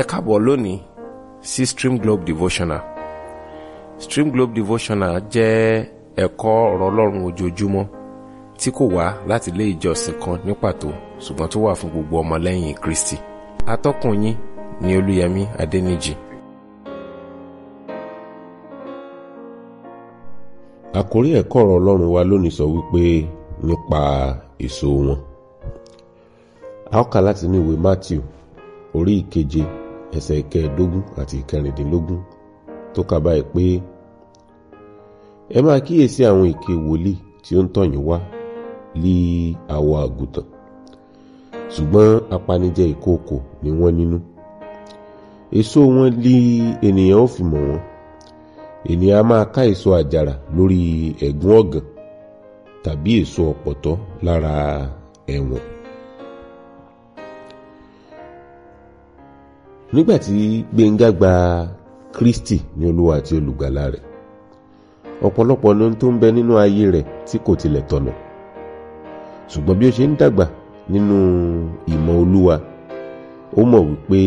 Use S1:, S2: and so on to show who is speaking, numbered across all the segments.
S1: ẹ káàbọ̀ lónìí sí Stream Globe Devotional Stream Globe Devotional jẹ́ ẹ̀kọ́ ọ̀rọ̀ ọlọ́run ojoojúmọ́ tí kò wá láti ilé ìjọsìn kan ní pàtó ṣùgbọ́n tó wà fún gbogbo ọmọlẹ́yìn Kristi atọ́kùn yín ni Olúyẹmí Adẹ́nìjì.
S2: àkórí ẹ̀kọ́ ọ̀rọ̀ ọlọ́run wa lónìí sọ wípé nípa èso wọn a ó kà láti ní ìwé Matthew orí ìkeje ẹsẹ̀ ìkẹẹ̀ẹ́dógún àti ìkẹrìndínlógún tó kà báyìí pé ẹ máa kíyèsí àwọn èké wòlíì tí ó ń tọ̀yìn wá lí awọ àgùntàn ṣùgbọ́n apanijẹ ìkookò ni wọ́n nínú èso wọn lí ènìyàn ó fi mọ̀ wọ́n ènìyàn a máa ká èso àjàrà lórí ẹ̀gún ọ̀gàn tàbí èso ọ̀pọ̀tọ́ lára ẹ̀wọ̀n. nígbà tí Gbénga gba Kristi ní olúwa àti olùgbàlà rẹ̀ ọ̀pọ̀lọpọ̀ ló tó ń bẹ nínú ayé rẹ̀ tí kò tilẹ̀ tọ̀nà ṣùgbọ́n bí ó ṣe ń dàgbà nínú ìmọ̀ olúwa ó mọ̀ wípé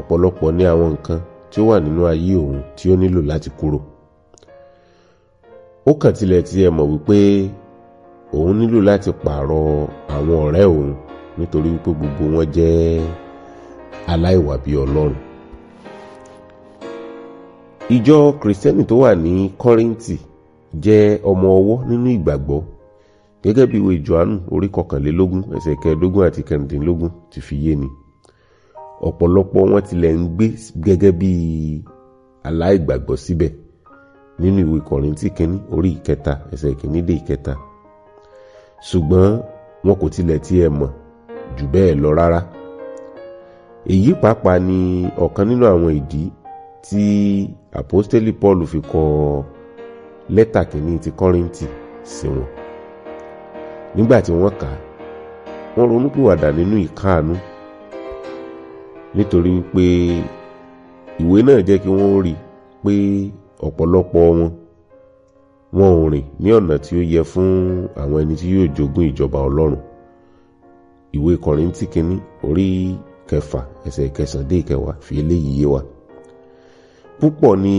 S2: ọ̀pọ̀lọpọ̀ ní àwọn nǹkan tí ó wà nínú ayé òun tí ó nílò láti kúrò ó kàn tilẹ̀ ti ẹ̀ mọ̀ wípé òun nílò láti pààrọ̀ àwọn ọ̀rẹ́ òun nítorí wípé gbogbo wọn jẹ́ aláìwà bíi ọlọ́run ìjọ kìrìsìtẹ́nì tó wà ní kọ́rìntì jẹ́ ọmọ ọwọ́ nínú ìgbàgbọ́ gẹ́gẹ́ bí ìwé Jòhánù orí kọkànlélógún ẹsẹ̀ kẹẹ̀ẹ́dógún àti kẹrìndínlógún ti fi yé ni ọ̀pọ̀lọpọ̀ wọn tilẹ̀ ń gbé gẹ́gẹ́ bí aláìgbàgbọ́ síbẹ̀ nínú ìwé kọ̀rìntì kínní orí ìkẹta ẹsẹ̀ kínní dé ìkẹta ṣùgbọ́n wọn kò tilẹ̀ tiẹ̀ mọ̀ jù bẹ́ẹ̀ lọ rárá èyí pàápàá ni ọ̀kan nínú àwọn ìdí tí àpọ́stélì paul fi kọ lẹ́tà kìíní ti kọ́rìntì sí wọn nígbà tí wọ́n kà á wọ́n ronúpìwàdà nínú ìkáàánú nítorí pé ìwé náà jẹ́ kí wọ́n rí pé ọ̀pọ̀lọpọ̀ wọn wọn ò rìn ní ọ̀nà tí ó yẹ fún àwọn ẹni tí yóò jogún ìjọba ọlọ́run ìwé kọ̀rìntì kìíní orí kẹfà ẹsẹ̀ kẹsàn-án dé ìkẹwàá fi eléyìí yé wa púpọ̀ ni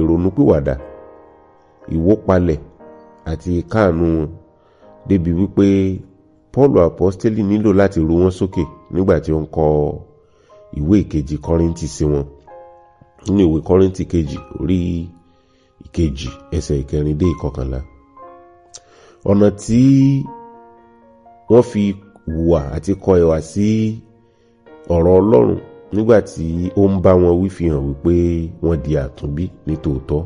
S2: ìrònúpìwàdà ìwópalẹ̀ àti káàánú wọn débi wípé Paul apostoli nílò láti ru wọn sókè nígbà tí ó ń kọ ìwé ìkejì Kọ́ríńtì sí wọn nínú ìwé Kọ́ríńtì kejì orí ìkejì ẹsẹ̀ ìkẹrin dé ìkọkànlá ọ̀nà tí wọ́n fi hùwà àti kọ ìwà sí ọ̀rọ̀ ọlọ́run nígbà tí ó ń bá wọn wí fi hàn wípé wọ́n di àtúnbí nítòótọ́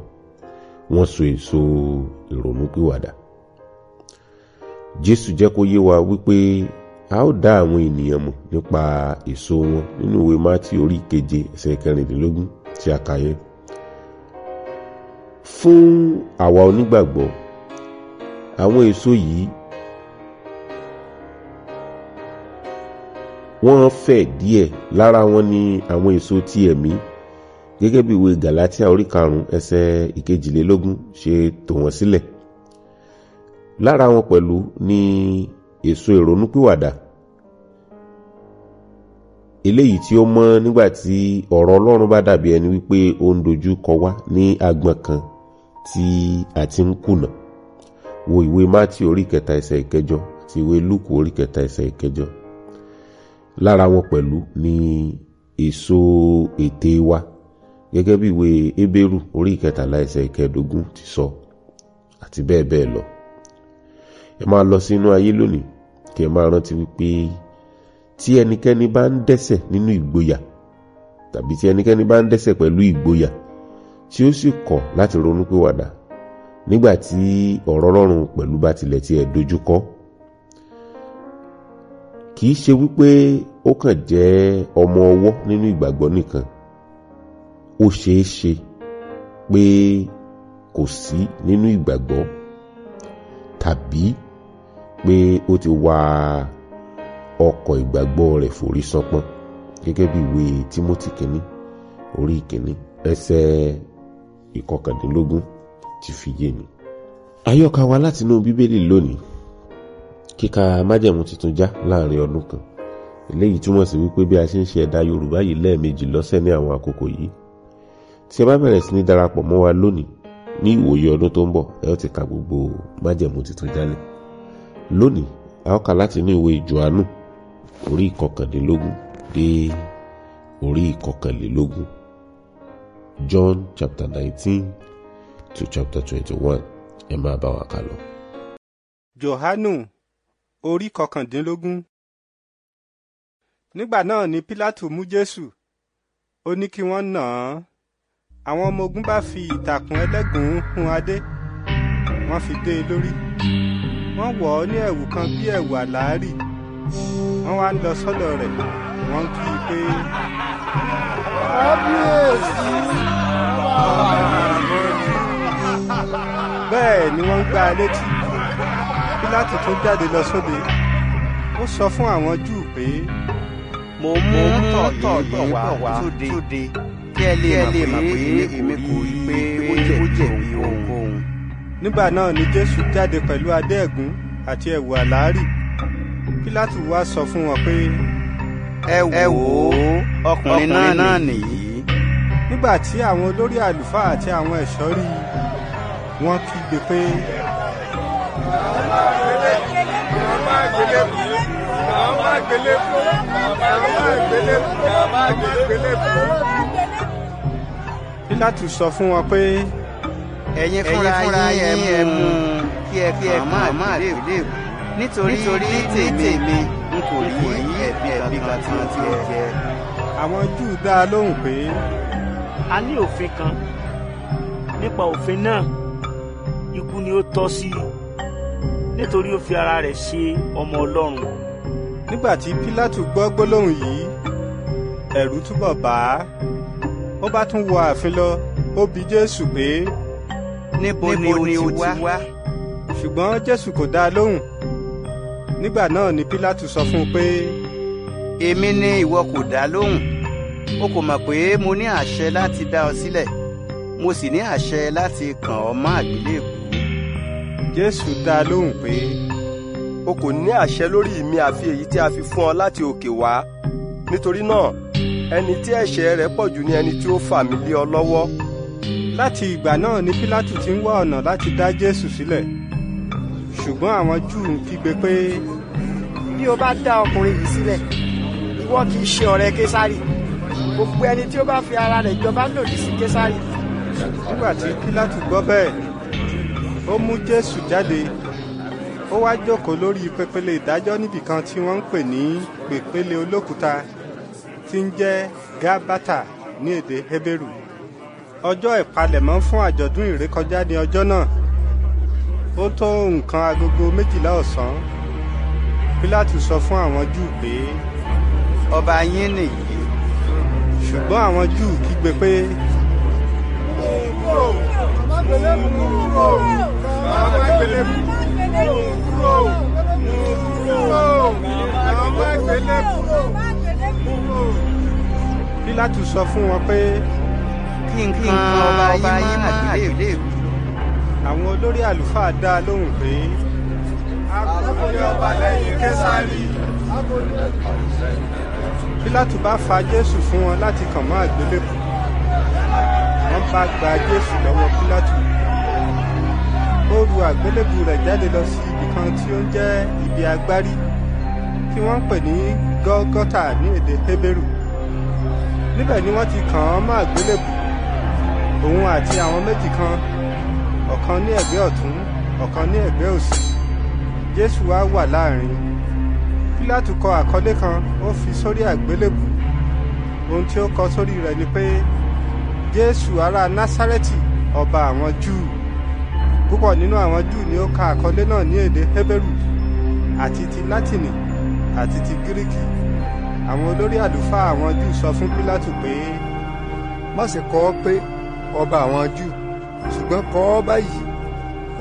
S2: wọ́n so èso ìrònúpìwàdà jésù jẹ́ kó yé wa wípé a ó dá àwọn ènìyàn mọ̀ nípa èso wọn nínú ìwé mátí orí keje ẹsẹ̀ kẹrìndínlógún tí a kà yẹn fún àwa onígbàgbọ́ àwọn èso yìí wọ́n fẹ̀ díẹ̀ lára wọn ni àwọn èso ti ẹ̀mí gẹ́gẹ́ bí ìwé Galatia orí karùn-ún ẹsẹ̀ ìkejìlélógún ṣe tò wọ́n sílẹ̀ lára wọn pẹ̀lú ni èso ìrònúpìwàdà eléyìí tí ó mọ́ nígbà tí ọ̀rọ̀ Ọlọ́run bá dàbí ẹni wípé ó ń dojú kọ wá ní agbọ̀n kan tí a ti ń kùnà wo ìwé Mátì orí kẹta ẹsẹ̀ ìkẹjọ àti ìwé Lúùkù orí kẹta ẹsẹ̀ ìkẹjọ lára wọn pẹ̀lú ni èso ètè wa gẹ́gẹ́ bí ìwé Hébérù orí ìkẹtàlá ẹsẹ̀ ìkẹẹ̀dógún ti sọ àti bẹ́ẹ̀ bẹ́ẹ̀ lọ ẹ máa lọ sínú ayé lónìí kí ẹ máa rántí wípé tí ẹnikẹ́ni bá ń dẹ́ṣẹ̀ nínú ìgboyà tàbí tí ẹnikẹ́ni bá ń dẹ́ṣẹ̀ pẹ̀lú ìgboyà tí ó sì kọ̀ láti ronú pé wàdà nígbà tí ọ̀rọ̀ Ọlọ́run pẹ̀lú bá tilẹ̀ tiẹ̀ dojúkọ kì í ṣe wípé ó kàn jẹ́ ọmọ ọwọ́ nínú ìgbàgbọ́ nìkan ó ṣeé ṣe pé kò sí nínú ìgbàgbọ́ tàbí pé ó ti wa ọkọ̀ ìgbàgbọ́ rẹ̀ forí sánpọ́n gẹ́gẹ́ bí ìwé Timothy kínní orí kínní ẹsẹ̀ ìkọkàndínlógún ti fi yé mi. àyọkà wa látinú bíbélì lónìí kíka májẹ̀mú tuntun já láàrin ọdún kan eléyìí túmọ̀ sí wípé bí a ṣe ń ṣe ẹ̀dà yorùbá yìí lẹ́ẹ̀mejì lọ́sẹ̀ ní àwọn àkókò yìí tí ẹ bá bẹ̀rẹ̀ sí ní darapọ̀ mọ́ wa lónìí ní ìwòye ọdún tó ń bọ̀ ẹ ó ti ka gbogbo májẹ̀mú tuntun jálẹ̀ lónìí a ó kà láti inú ìwé Jòhánù orí ìkọkànlélógún dé orí ìkọkànlélógún John chapter nineteen to chapter twenty-one ẹ máa bá wa kà lọ.
S3: Jòhánù orí kọkàndínlógún. nígbà náà ni pílátù mú jésù ó ní kí wọ́n nà án àwọn ọmọ ogun bá fi ìtàkùn ẹlẹ́gùn hun adé wọ́n fi dé e lórí wọ́n wọ̀ ọ́ ní ẹ̀wù kan bí ẹ̀wù àlárì wọ́n wá ń lọ sọ́dọ̀ rẹ̀ wọ́n kí i pé. bẹ́ẹ̀ ni wọ́n ń gbá létí. Pílátì tún jáde lọ sóde ó sọ fún àwọn Júù pé. mo mú tọ̀tọ̀ wá sóde kí ẹ lè mọ̀ pé èmi
S2: kò rí pé ó jẹ̀bi ohunkóhun.
S3: nígbà náà ni Jésù jáde pẹ̀lú adé àti ẹ̀wù àlárì Pílátì wá sọ fún wọn pé. ẹ wò ó ọkùnrin náà nìyí nígbà tí àwọn olórí àlùfáà àti àwọn ẹ̀ṣọ́ rí i wọ́n kígbe pé màmá àgbélébù màmá àgbélébù màmá àgbélébù màmá àgbélébù. Pílátù sọ fún wọn pé ẹ̀yin fúnra yín ẹ mú kí ẹ fi màmá àgbélébù nítorí ní tèmi n kò rí ẹ̀bi ẹ̀bi kan tí wọ́n ti ẹ̀ jẹ. àwọn Júù dá a lóhùn pé. a ní òfin kan nípa òfin náà ikú ni ó tọ́ sí i nítorí ó fi ara rẹ̀ ṣe ọmọ ọlọ́run. nígbà tí pílátù gbọ́ gbólóhùn yìí ẹ̀rù túbọ̀ bà á ó bá tún wọ ààfin lọ ó bi jésù pé. níbo ni o ti wá. ṣùgbọ́n jésù kò dá a lóhùn nígbà náà ni pílátù sọ fún un pé. èmi ni ìwọ kò dá lóhùn o kò mọ̀ pé mo ní àṣẹ láti dá ọ sílẹ̀ mo sì ní àṣẹ láti kàn ọ́ mọ́ àgbélébùú jésù dá a lóhùn pé o kò ní àṣẹ lórí mi àfi èyí tí a fi fún ọ láti òkè wá nítorí náà ẹni tí ẹ̀ṣẹ̀ rẹ̀ pọ̀ jù ni ẹni tí ó fà mí lé ọ lọ́wọ́. láti ìgbà náà ni pílátù ti ń wá ọ̀nà láti dá jésù sílẹ̀ ṣùgbọ́n àwọn júù ń kígbe pé. bí o bá dá ọkùnrin yìí sílẹ̀ ìwọ kì í ṣe ọ̀rẹ́ késárì gbogbo ẹni tí ó bá fi ara rẹ̀ jọba lòdì sí késárì. nígbà tí pílátù gbọ́ bẹ́ẹ̀ ó mú jésù jáde ó wá jókòó lórí pèpele ìdájọ́ níbìkan tí wọ́n ń pè ní pèpele olókùúta tí ń jẹ́ gábátà ní èdè hébérù ọjọ́ ìpalẹ̀mọ́ fún àjọ̀dún ìrékọjá ní ọjọ́ náà ó tó nǹkan agogo méjìlá ọ̀sán pílátù sọ fún àwọn júù pé ọba yín nìyí ṣùgbọ́n àwọn júù kígbe pé. Pílátù sọ fún wọn pé kí nǹkan ọba ọba yín má àgbélé ìlú. àwọn olórí àlùfáà dá a lóhùn pé. a kò ní ọba lẹ́yìn késàrì. Pílátù bá fa Jésù fún wọn láti kàn mọ́ àgbélébùú bá gba Jésù lọ́wọ́ Pílátù ó ru àgbélébù rẹ̀ jáde lọ sí ibì kan tí ó ń jẹ́ ibi agbárí tí wọ́n ń pè ní Gọ́gọ́tà ní èdè Hébérù níbẹ̀ ni wọ́n ti kàn án mọ́ àgbélébù òun àti àwọn méjì kan ọ̀kan ní ẹ̀gbẹ́ ọ̀tún ọ̀kan ní ẹ̀gbẹ́ òsì Jésù wá wà láàrin Pílátù kọ àkọlé kan ó fi sórí àgbélébù ohun tí ó kọ sórí rẹ̀ ni pé jésù ará násárẹ́tì ọba àwọn júù púpọ̀ nínú àwọn júù ni ó ka àkọlé náà ní èdè Hebrew, àti ti látìnì àti ti gíríkì àwọn olórí àlùfáà àwọn júù sọ fún pílátù pé. má ṣe kọ ọ́ pé ọba àwọn júù ṣùgbọ́n kọ báyìí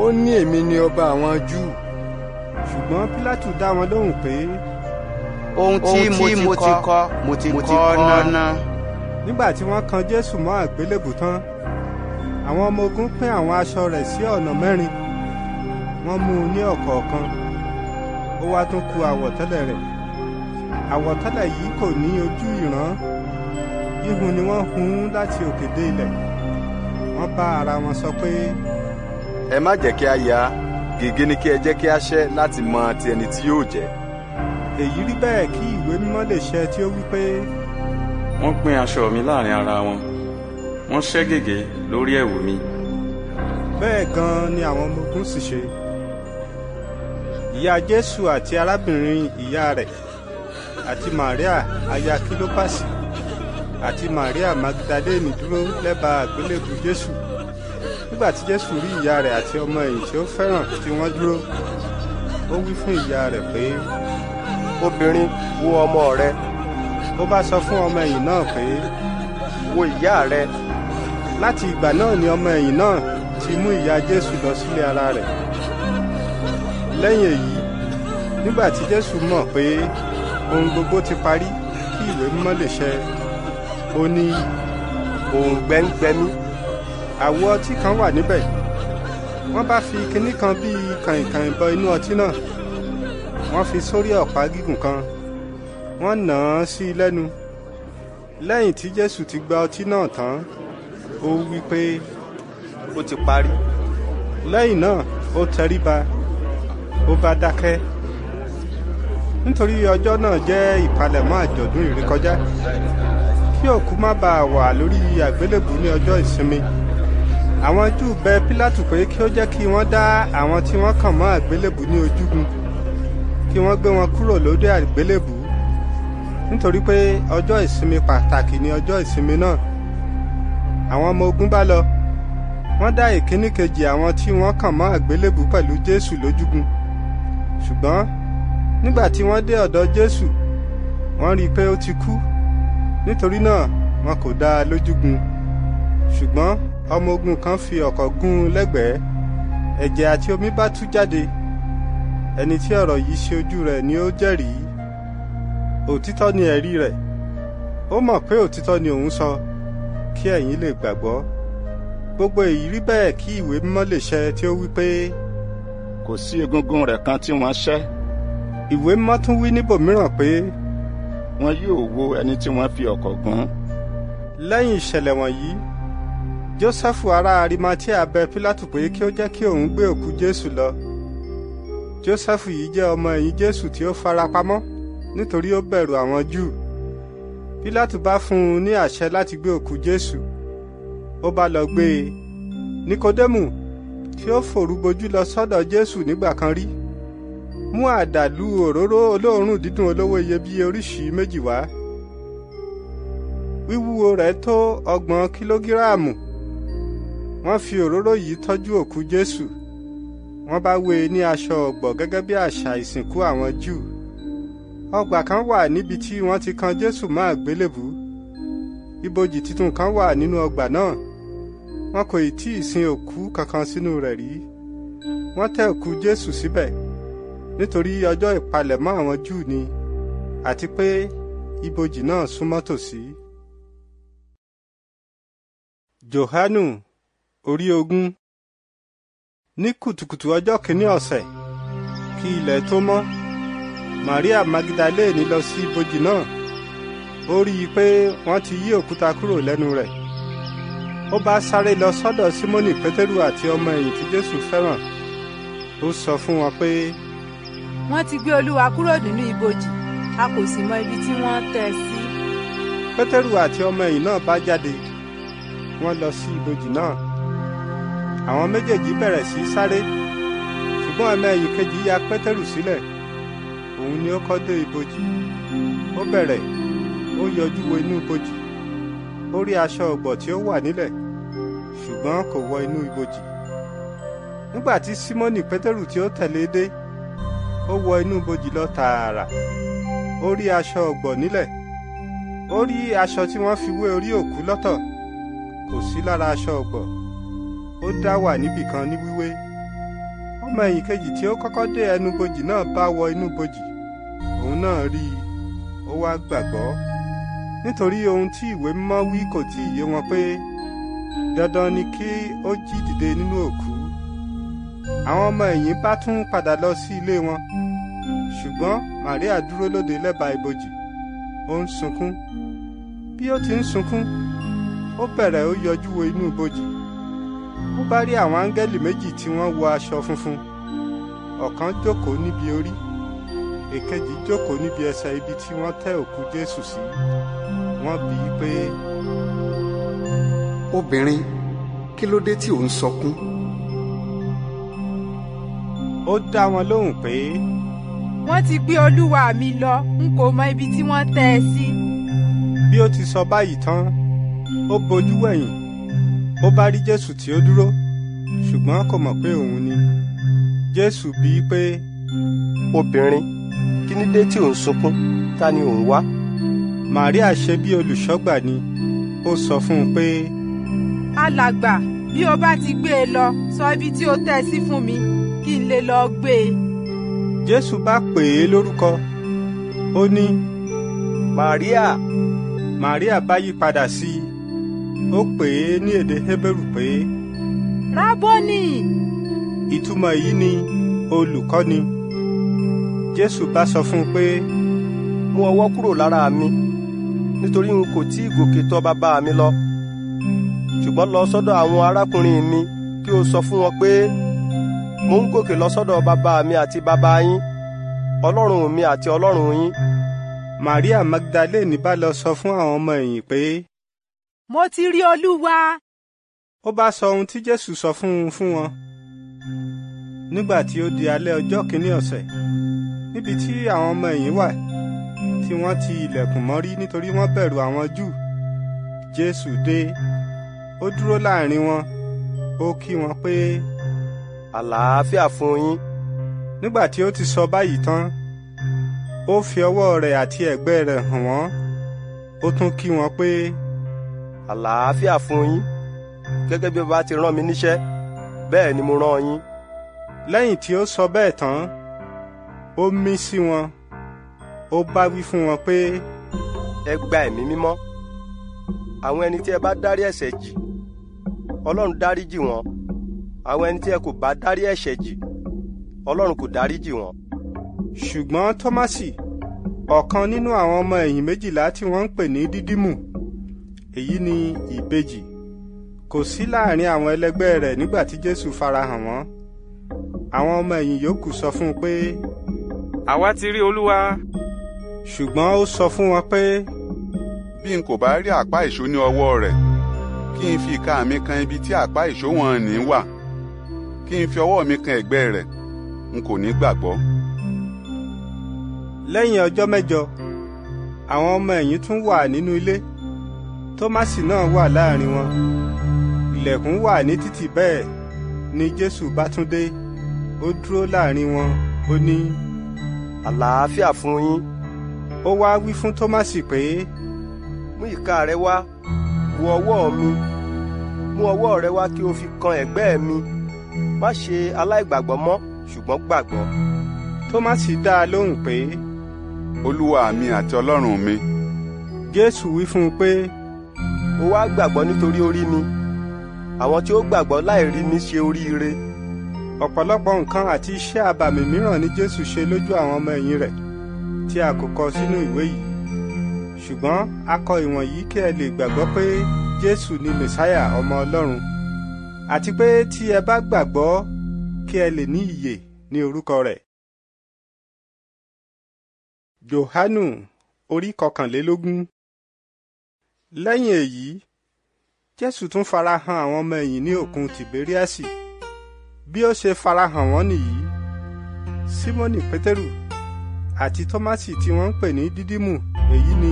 S3: ó ní èmi ni ọba àwọn júù. ṣùgbọ́n pílátù dá wọn lóhùn pé. ohun tí mo ti kọ mo ti kọ ọ́ náà nígbà tí wọ́n kan jésù mọ́ àgbélébù tán àwọn ọmọ ogun pín àwọn aṣọ rẹ̀ sí ọ̀nà mẹ́rin wọ́n mú un ní ọ̀kọ̀ọ̀kan ó wá tún ku àwọ̀tẹ́lẹ̀ rẹ̀ àwọ̀tẹ́lẹ̀ yìí kò ní ojú ìran híhun ni wọ́n hun láti òkè dé ilẹ̀ wọ́n bá ara wọn sọ pé. ẹ má jẹ́ kí a ya gègé ni kí ẹ jẹ́ kí a ṣẹ́ láti mọ ti ẹni tí yóò jẹ́. èyí rí bẹ́ẹ̀ kí ìwé mímọ́ lè ṣẹ tí ó wí pé
S2: wọ́n pín aṣọ mi láàrin ara wọn wọ́n ṣẹ́ gègé lórí ẹ̀wù mi.
S3: bẹ́ẹ̀ gan-an ni àwọn ọmọ ogun sì ṣe ìyá jésù àti arábìnrin ìyá rẹ̀ àti maria aya kílópàsì àti maria magdalene dúró lẹ́bàá àgbélébùú jésù nígbà tí jésù rí ìyá rẹ̀ àti ọmọ ẹ̀yìn tí ó fẹ́ràn tí wọ́n dúró ó wí fún ìyá rẹ̀ pé. obìnrin wo ọmọ rẹ ó bá sọ fún ọmọ ẹ̀yìn náà pé wo ìyá rẹ láti ìgbà náà ni ọmọ ẹ̀yìn náà ti mú ìyá jésù lọ sílé ara rẹ̀ lẹ́yìn èyí nígbà tí jésù mọ̀ pé ohun gbogbo ti parí kí ìwé mímọ́ lè ṣẹ ó ní òun gbẹ́ngbẹ́mí àwo ọtí kan wà níbẹ̀ wọ́n bá fi kinní kan bíi kàìnkàìn bọ inú ọtí náà wọ́n fi sórí ọ̀pá gígùn kan wọ́n nà án sí lẹ́nu lẹ́yìn tí jésù ti gba ọtí náà tán ó wí pé ó ti parí lẹ́yìn náà ó tẹríba ó bá dákẹ́ nítorí ọjọ́ náà jẹ́ ìpalẹ̀mọ́ àjọ̀dún ìrékọjá kí òkú má bàa wà lórí àgbélébùú ní ọjọ́ ìsinmi àwọn júù bẹ pílátù pé kí ó jẹ́ kí wọ́n dá àwọn tí wọ́n kàn mọ́ àgbélébùú ní ojúgun kí wọ́n gbé wọn kúrò lóde àgbélébùú nítorí pé ọjọ́ ìsinmi pàtàkì ni ọjọ́ ìsinmi náà àwọn ọmọ ogun bá lọ wọ́n dá ìkíní kejì àwọn tí wọ́n kàn mọ́ àgbélébù pẹ̀lú jésù lójúgun ṣùgbọ́n nígbà tí wọ́n dé ọ̀dọ̀ jésù wọ́n rí i pé ó ti kú nítorí náà wọn kò dá a lójúgun ṣùgbọ́n ọmọ ogun kan fi ọ̀kọ̀ gún un lẹ́gbẹ̀ẹ́ ẹ̀jẹ̀ àti omi bá tú jáde ẹni tí ọ̀rọ̀ yìí ṣe ojú rẹ̀ ni ó jẹ́rìí òtítọ́ ni ẹ̀rí rẹ̀ ó mọ̀ pé òtítọ́ ni òun sọ kí ẹ̀yin lè gbàgbọ́ gbogbo èyí rí bẹ́ẹ̀ kí ìwé mímọ́ lè ṣẹ tí ó wí pé. kò sí egungun rẹ̀ kan tí wọ́n ṣẹ́. ìwé mímọ́ tún wí níbòmíràn pé. wọn yóò wo ẹni tí wọ́n fi ọ̀kọ̀ gún. lẹ́yìn ìṣẹ̀lẹ̀ wọ̀nyí jósẹ́fù ará arimatia bẹ pílátù pé kí ó jẹ́ kí òun gbé òkú jésù lọ jósẹ́fù yìí jẹ́ ọmọ ẹ̀yìn jésù tí ó farapamọ́ nítorí ó bẹ̀rù àwọn Júù Pílátù bá fún un ní àṣẹ láti gbé òkú Jésù ó bá lọ gbé e Nikodemu tí ó fòrúgbojú lọ sọ́dọ̀ Jésù nígbà kan rí mú àdàlú òróró olóòórùn dídùn olówó iyebíye oríṣìí méjì wá wíwúwo rẹ̀ tó ọgbọ̀n kílógíráàmù wọ́n fi òróró yìí tọ́jú òkú Jésù wọ́n bá wé e ní aṣọ ọ̀gbọ̀ gẹ́gẹ́ bí àṣà ìsìnkú àwọn Júù ọgbà kan wà níbi tí wọ́n ti kan Jésù mọ́ àgbélébù ibojì titun kan wà nínú ọgbà náà wọn kò ì tí ì sin òkú kankan sínú rẹ̀ rí wọ́n tẹ́ òkú Jésù síbẹ̀ nítorí ọjọ́ ìpalẹ̀mọ́ àwọn Júù ni àti pé ibojì náà súnmọ́ tòsí. Jòhánù orí ogún ní kùtùkùtù ọjọ́ kìíní ọ̀sẹ̀ kí ilẹ̀ tó mọ́ maria magdalene lọ sí ibojì náà ó rí i pé wọ́n ti yí òkúta kúrò lẹ́nu rẹ̀ ó bá sáré lọ sọ́dọ̀ símónì pétérù àti ọmọ ẹ̀yìn tí jésù fẹ́ràn ó sọ fún wọn pé. wọ́n ti gbé olúwa kúrò nínú ibojì a kò sì mọ ibi tí wọ́n tẹ́ ẹ sí. pétérù àti ọmọ ẹ̀yìn náà bá jáde wọ́n lọ sí ibojì náà àwọn méjèèjì bẹ̀rẹ̀ sí sáré ṣùgbọ́n ọmọ ẹ̀yìn kejì ya pétérù sílẹ̀. Si òun ni ó kọ́ dé ibojì ó bẹ̀rẹ̀ ó yọjú wo inú ibojì ó rí aṣọ ọ̀gbọ̀ tí ó wà nílẹ̀ ṣùgbọ́n kò wọ inú ibojì nígbà tí Símónì Pétérù tí ó tẹ̀lé e dé ó wọ inú ibojì lọ tààrà ó rí aṣọ ọ̀gbọ̀ nílẹ̀ ó rí aṣọ tí wọ́n fi wé orí òkú lọ́tọ̀ kò sí lára aṣọ ọ̀gbọ̀ ó dá wà níbì ní wíwé ọmọ ẹ̀yìn kejì tí ó kọ́kọ́ dé ẹnu bojì náà bá wọ inú bojì náà rí i ó wá gbàgbọ́ nítorí ohun tí ìwé mímọ́ wí kò tí ì yé wọn pé dandan ni kí ó jí dìde nínú òkú àwọn ọmọ ẹ̀yìn bá tún padà lọ sí ilé wọn ṣùgbọ́n Màríà dúró lóde lẹ́bàá ibojì ó ń sunkún bí ó ti ń sunkún ó bẹ̀rẹ̀ ó yọjú wo inú ibojì ó bá rí àwọn áńgẹ́lì méjì tí wọ́n wọ aṣọ funfun ọ̀kan jókòó níbi orí èkejì jókòó níbi ẹsẹ̀ ibi tí wọ́n tẹ́ òkú Jésù sí wọ́n bi í pé. obìnrin kí ló dé tí ò ń sọkún. ó dá wọn lóhùn pé. wọ́n ti gbé olúwa mi lọ n kò mọ ibi tí wọ́n tẹ́ ẹ sí. bí ó ti sọ báyìí tán ó bojú wẹ̀yìn ó bá rí Jésù tí ó dúró ṣùgbọ́n kò mọ̀ pé òun ni Jésù bi í pé. obìnrin kí ni dé tí ò ń sunkún ta ni ò ń wá. Màríà ṣe bí olùṣọ́gbà ni ó sọ fún un pé. alàgbà bí o bá ti gbé e lọ sọ ibi tí o tẹ́ sí fún mi kí n lè lọ gbé e. Jésù bá pè é lórúkọ ó ní. Màríà. Màríà bá yí padà sí i ó pè é ní èdè Hébérù pé. Rábónì. ìtumọ̀ yìí ni olùkọ́ni jésù bá sọ fún un pé mú ọwọ́ kúrò lára mi nítorí n kò tí ì gòkè tọ̀ bàbá mi lọ ṣùgbọ́n lọ sọ́dọ̀ àwọn arákùnrin mi kí o sọ fún wọn pé mo ń gòkè lọ sọ́dọ̀ bàbá mi àti bàbá yín ọlọ́run mi àti ọlọ́run yín. maria magdalene bá lọ sọ fún àwọn ọmọ ẹ̀yìn pé. mo ti rí olúwa. ó bá sọ ohun tí jésù sọ fún un fún wọn. nígbà tí ó di alẹ́ ọjọ́ kìíní ọ̀sẹ̀ níbi tí àwọn ọmọ ẹ̀yìn wà tí wọ́n ti ilẹ̀kùn mọ́rí nítorí wọ́n bẹ̀rù àwọn júù jésù dé ó dúró láàrin wọn ó kí wọn pé àlàáfíà fún yín nígbà tí ó ti sọ báyìí tán ó fi ọwọ́ rẹ̀ àti ẹ̀gbẹ́ rẹ̀ hàn wọ́n ó tún kí wọn pé àlàáfíà fún yín gẹ́gẹ́ bí baba ti rán mi níṣẹ́ bẹ́ẹ̀ ni mo rán yín. lẹ́yìn tí ó sọ bẹ́ẹ̀ tán ó mí sí wọn ó bá wí fún wọn pé. ẹ gba ẹ̀mí mímọ́ àwọn ẹni tí ẹ bá dárí ẹ̀ṣẹ̀ jì ọlọ́run dáríjì wọn àwọn ẹni tí ẹ kò bá dárí ẹ̀ṣẹ̀ jì ọlọ́run kò dáríjì wọn. ṣùgbọ́n tọ́másì ọ̀kan nínú àwọn ọmọ ẹ̀yìn méjìlá tí wọ́n ń pè ní dídímù èyí ni ìbejì kò sí láàrin àwọn ẹlẹgbẹ́ rẹ̀ nígbà tí jésù farahàn wọ́n àwọn ọmọ ẹ̀yìn yòókù sọ fún un pé
S1: àwa ti rí olúwa.
S3: ṣùgbọ́n ó sọ fún wọn pé. bí n kò bá rí àpá ìṣó ní ọwọ́
S2: rẹ̀ kí n fi ìka mi kan ibi tí àpá ìṣó wọn ní wà kí n fi ọwọ́ mi kan ẹ̀gbẹ́ rẹ̀ n kò ní gbàgbọ́.
S3: lẹ́yìn ọjọ́ mẹ́jọ àwọn ọmọ ẹ̀yìn tún wà nínú ilé tómásì náà wà láàrin wọn ilẹ̀kùn wà ní títì bẹ́ẹ̀ ni jésù bá tún dé ó dúró láàrin wọn ó ní àlàáfíà fún yín ó wá wí fún Tómásì pé mú ìka rẹ wá wo ọwọ́ mi mú ọwọ́ rẹ wá kí o fi kan ẹ̀gbẹ́ mi má ṣe aláìgbàgbọ́ mọ́ ṣùgbọ́n gbàgbọ́ Tómásì dá a lóhùn pé. olúwa mi àti ọlọ́run mi. Jésù wí fún un pé o wá gbàgbọ́ nítorí o rí mi àwọn tí ó gbàgbọ́ láì rí mi ṣe oríire ọ̀pọ̀lọpọ̀ nǹkan àti iṣẹ́ àbàmì mìíràn ni Jésù ṣe lójú àwọn ọmọ ẹ̀yìn rẹ̀ tí a kò kọ sínú ìwé yìí ṣùgbọ́n a kọ ìwọ̀nyí kí ẹ lè gbàgbọ́ pé Jésù ni Mèsáyà ọmọ Ọlọ́run àti pé tí ẹ bá gbàgbọ́ kí ẹ lè ní ìyè ní orúkọ rẹ̀. Jòhánù orí kọkànlélógún lẹ́yìn èyí Jésù tún farahàn àwọn ọmọ ẹ̀yìn ní òkun Tìbéríàsì. Si bí ó ṣe farahàn wọ́n nìyí símónì pétérù àti tọ́másì tí wọ́n ń pè ní dídímù èyí ni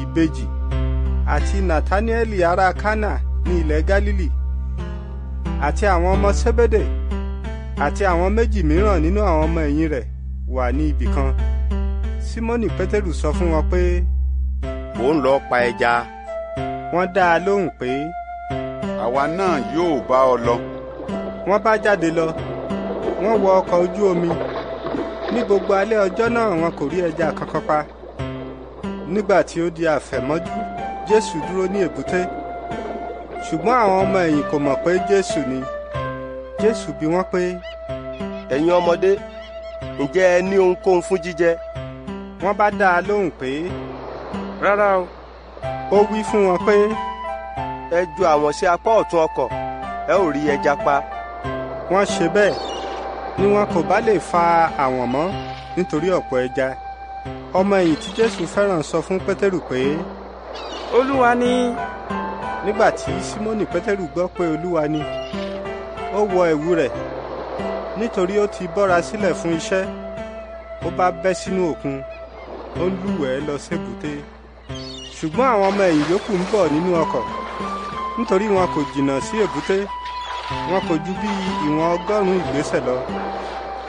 S3: ìbejì àti nàtániẹ́lì ará kánà ní ilẹ̀ gálílì àti àwọn ọmọ sébédè àti àwọn méjì mìíràn nínú àwọn ọmọ ẹ̀yìn rẹ̀ wà ní ibì kan símónì pétérù sọ fún wọn pé. mò ń lọ pa ẹja. wọ́n dá a lóhùn pé. àwa náà yóò bá ọ lọ wọ́n bá jáde lọ wọ́n wọ ọkọ̀ ojú omi ní gbogbo alẹ́ ọjọ́ náà wọn kò rí ẹja kankan pa nígbà tí ó di àfẹ̀mọ́jú jésù dúró ní èbúté ṣùgbọ́n àwọn ọmọ ẹ̀yìn kò mọ̀ pé jésù ni jésù bi wọ́n pé. ẹ̀yin ọmọdé ǹjẹ́ ẹ ní ohunkóhun fún jíjẹ. wọ́n bá dá a lóhùn pé. rárá o. ó wí fún wọn pé. ẹ ju àwọn sí apá ọ̀tún ọkọ̀ ẹ ò rí ẹja pa wọ́n ṣe bẹ́ẹ̀ ni wọn kò bá lè fa àwọ̀n mọ́ nítorí ọ̀pọ̀ ẹja ọmọ ẹ̀yìn tí jésù fẹ́ràn sọ fún pétérù pé olúwa ni nígbà tí símónì pétérù gbọ́ pé olúwa ni ó wọ ẹ̀wù rẹ̀ nítorí ó ti bọ́ra sílẹ̀ fún iṣẹ́ ó bá bẹ́ sínú òkun ó ń lúwẹ̀ẹ́ lọ sébùté ṣùgbọ́n àwọn ọmọ ẹ̀yìn yòókù ń bọ̀ nínú ọkọ̀ nítorí wọn kò jìnnà sí èbúté. Si wọn kò ju bí ìwọ̀n ọgọ́rùn-ún ìgbésẹ̀ lọ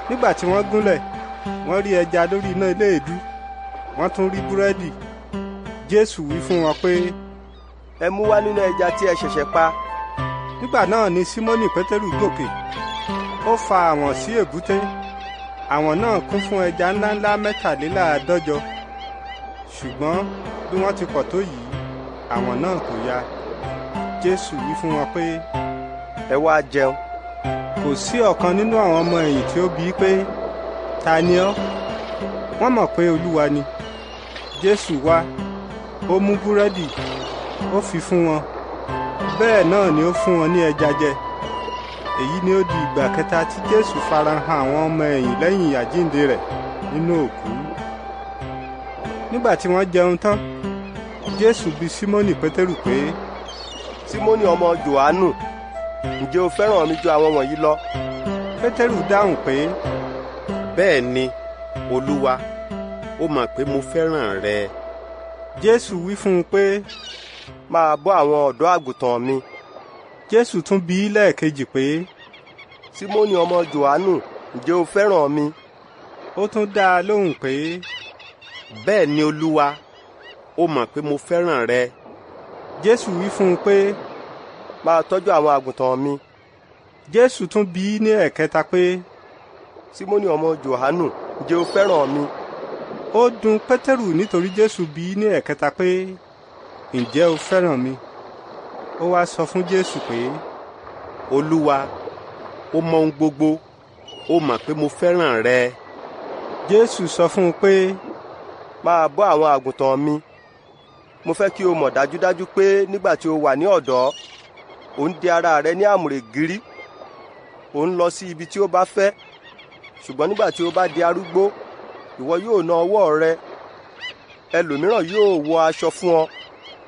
S3: nígbà tí wọ́n gúnlẹ̀ wọ́n rí ẹja lórí iná ilé èédú wọ́n tún rí búrẹ́dì jésù wí fún wọn pé. ẹ mú wá nínú ẹja tí ẹ ṣẹ̀ṣẹ̀ pa. nígbà náà ni símónì pétérù gòkè ó fa àwọn sí èbúté àwọn náà kún fún ẹja ńláńlá mẹ́tàléláàádọ́jọ ṣùgbọ́n bí wọ́n ti pọ̀ tó yìí àwọn náà kò ya jésù wí fún wọn pé ẹ wá jẹun kò sí ọ̀kan nínú àwọn ọmọ ẹ̀yìn tí ó bi í pé ta ni ọ́ wọ́n mọ̀ pé olúwa ni jésù wá ó mú búrẹ́dì ó fi fún wọn bẹ́ẹ̀ náà ni ó fún wọn ní ẹja jẹ èyí ni ó di ìgbà kẹta tí jésù farahàn àwọn ọmọ ẹ̀yìn lẹ́yìn àjíǹde rẹ̀ nínú òkú nígbà tí wọ́n jẹun tán jésù bi simoni pétérù pé símónì ọmọ jòhánù ǹjẹ́ o fẹ́ràn mi ju àwọn wọ̀nyí lọ? pétérù dáhùn pé bẹ́ẹ̀ ni olúwa ó mọ̀ pé mo fẹ́ràn rẹ. jésù wí fún un pé máa bọ́ àwọn ọ̀dọ́ àgùntàn mi. jésù tún bi lẹ́ẹ̀kejì pé símónì ọmọ jòhánù ǹjẹ́ o fẹ́ràn mi? ó tún dá a lóhùn pé bẹ́ẹ̀ ni olúwa ó mọ̀ pé mo fẹ́ràn rẹ. jésù wí fún un pé. Pe máa tọ́jú àwọn àgùntàn mi. jésù tún bi í ní ẹ̀kẹta pé simoni ọmọ johanu ǹjẹ́ o fẹ́ràn mi. ó dùn pétérù nítorí jésù bi í ní ẹ̀kẹta pé ǹjẹ́ o fẹ́ràn mi. ó wá sọ fún jésù pé olúwa ó mọ ohun gbogbo ó mọ̀ pé mo fẹ́ràn rẹ. jésù sọ fún un pé máa bọ́ àwọn àgùntàn mi mo fẹ́ kí o mọ̀ dájúdájú pé nígbà tí o wà ní ọ̀dọ́ ò ń de ara rẹ ní àmùrè gírí ò ń lọ sí ibi tí ó bá fẹ́ ṣùgbọ́n nígbà tí ó bá di arúgbó ìwọ yóò na ọwọ́ rẹ ẹlòmíràn yóò wọ aṣọ fún ọ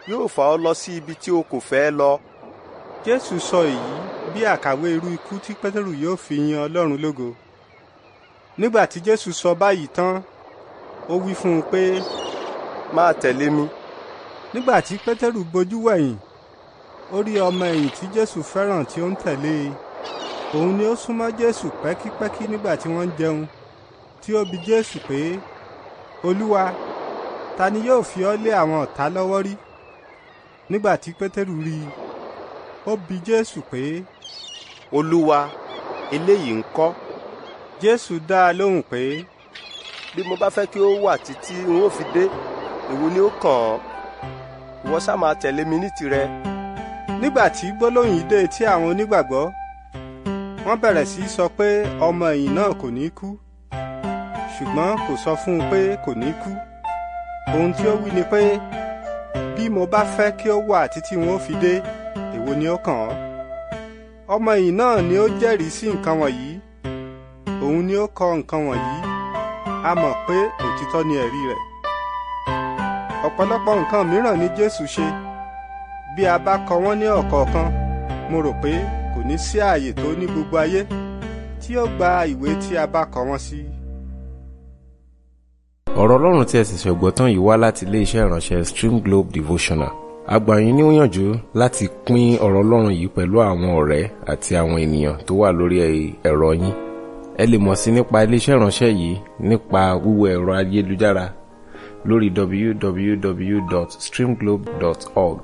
S3: yóò fà ọ lọ sí ibi tí o kò fẹ́ lọ. jésù sọ èyí bí àkàwé irú ikú tí pétérù yóò fi yan ọlọ́run lógo nígbà tí jésù sọ báyìí tán ó wí fún un pé. máa tẹ̀lé mi. nígbà tí pétérù bojú wẹ̀yìn ó rí ọmọ ẹ̀yìn tí jésù fẹ́ràn tí ó ń tẹ̀lé e òun ni ó súnmọ́ jésù pẹ́kípẹ́kí nígbà tí wọ́n ń jẹun tí ó bi jésù pé olúwa ta ni yóò fi ọ́ lé àwọn ọ̀tá lọ́wọ́ rí nígbà tí pétérù rí i ó bi jésù pé olúwa eléyìí ń kọ́ jésù dá a lóhùn pé bí mo bá fẹ́ kí ó wà títí n ó fi dé èwo ni ó kàn ọ́ ìwọ ṣáà máa tẹ̀lé mi ní tirẹ̀ nígbà tí gbólóhùn yìí dé etí àwọn onígbàgbọ́ wọ́n bẹ̀rẹ̀ sí í sọ pé ọmọ ẹ̀yìn náà kò ní kú ṣùgbọ́n kò sọ fún un pé kò ní kú ohun tí ó wí ni pé bí mo bá fẹ́ kí ó wà títí wọn ó fi dé èwo ni ó kàn ọ́ ọmọ ẹ̀yìn náà ni ó jẹ́rìí sí nǹkan wọ̀nyí òun ni ó kọ nǹkan wọ̀nyí a mọ̀ pé òtítọ́ ni ẹ̀rí rẹ̀ ọ̀pọ̀lọpọ̀ nǹkan mìíràn ni Jésù ṣe bí a bá kọ wọ́n ní ọ̀kọ̀ọ̀kan mo rò pé kò ní sí ààyè tó ní gbogbo ayé tí ó gba ìwé tí a bá kọ wọ́n sí.
S1: ọ̀rọ̀ ọlọ́run tí ẹ ṣẹ̀ṣẹ̀ gbọ́ tán yìí wá láti iléeṣẹ́ ìránṣẹ́ Stream Globe Devotional a gbà yín níyànjú láti pín ọ̀rọ̀ ọlọ́run yìí pẹ̀lú àwọn ọ̀rẹ́ àti àwọn ènìyàn tó wà lórí ẹ̀rọ yín ẹ lè mọ̀ sí nípa iléeṣẹ́ ìránṣẹ́ yìí nípa wíwọ ẹ̀rọ ayélujára lórí www.streamglobe.org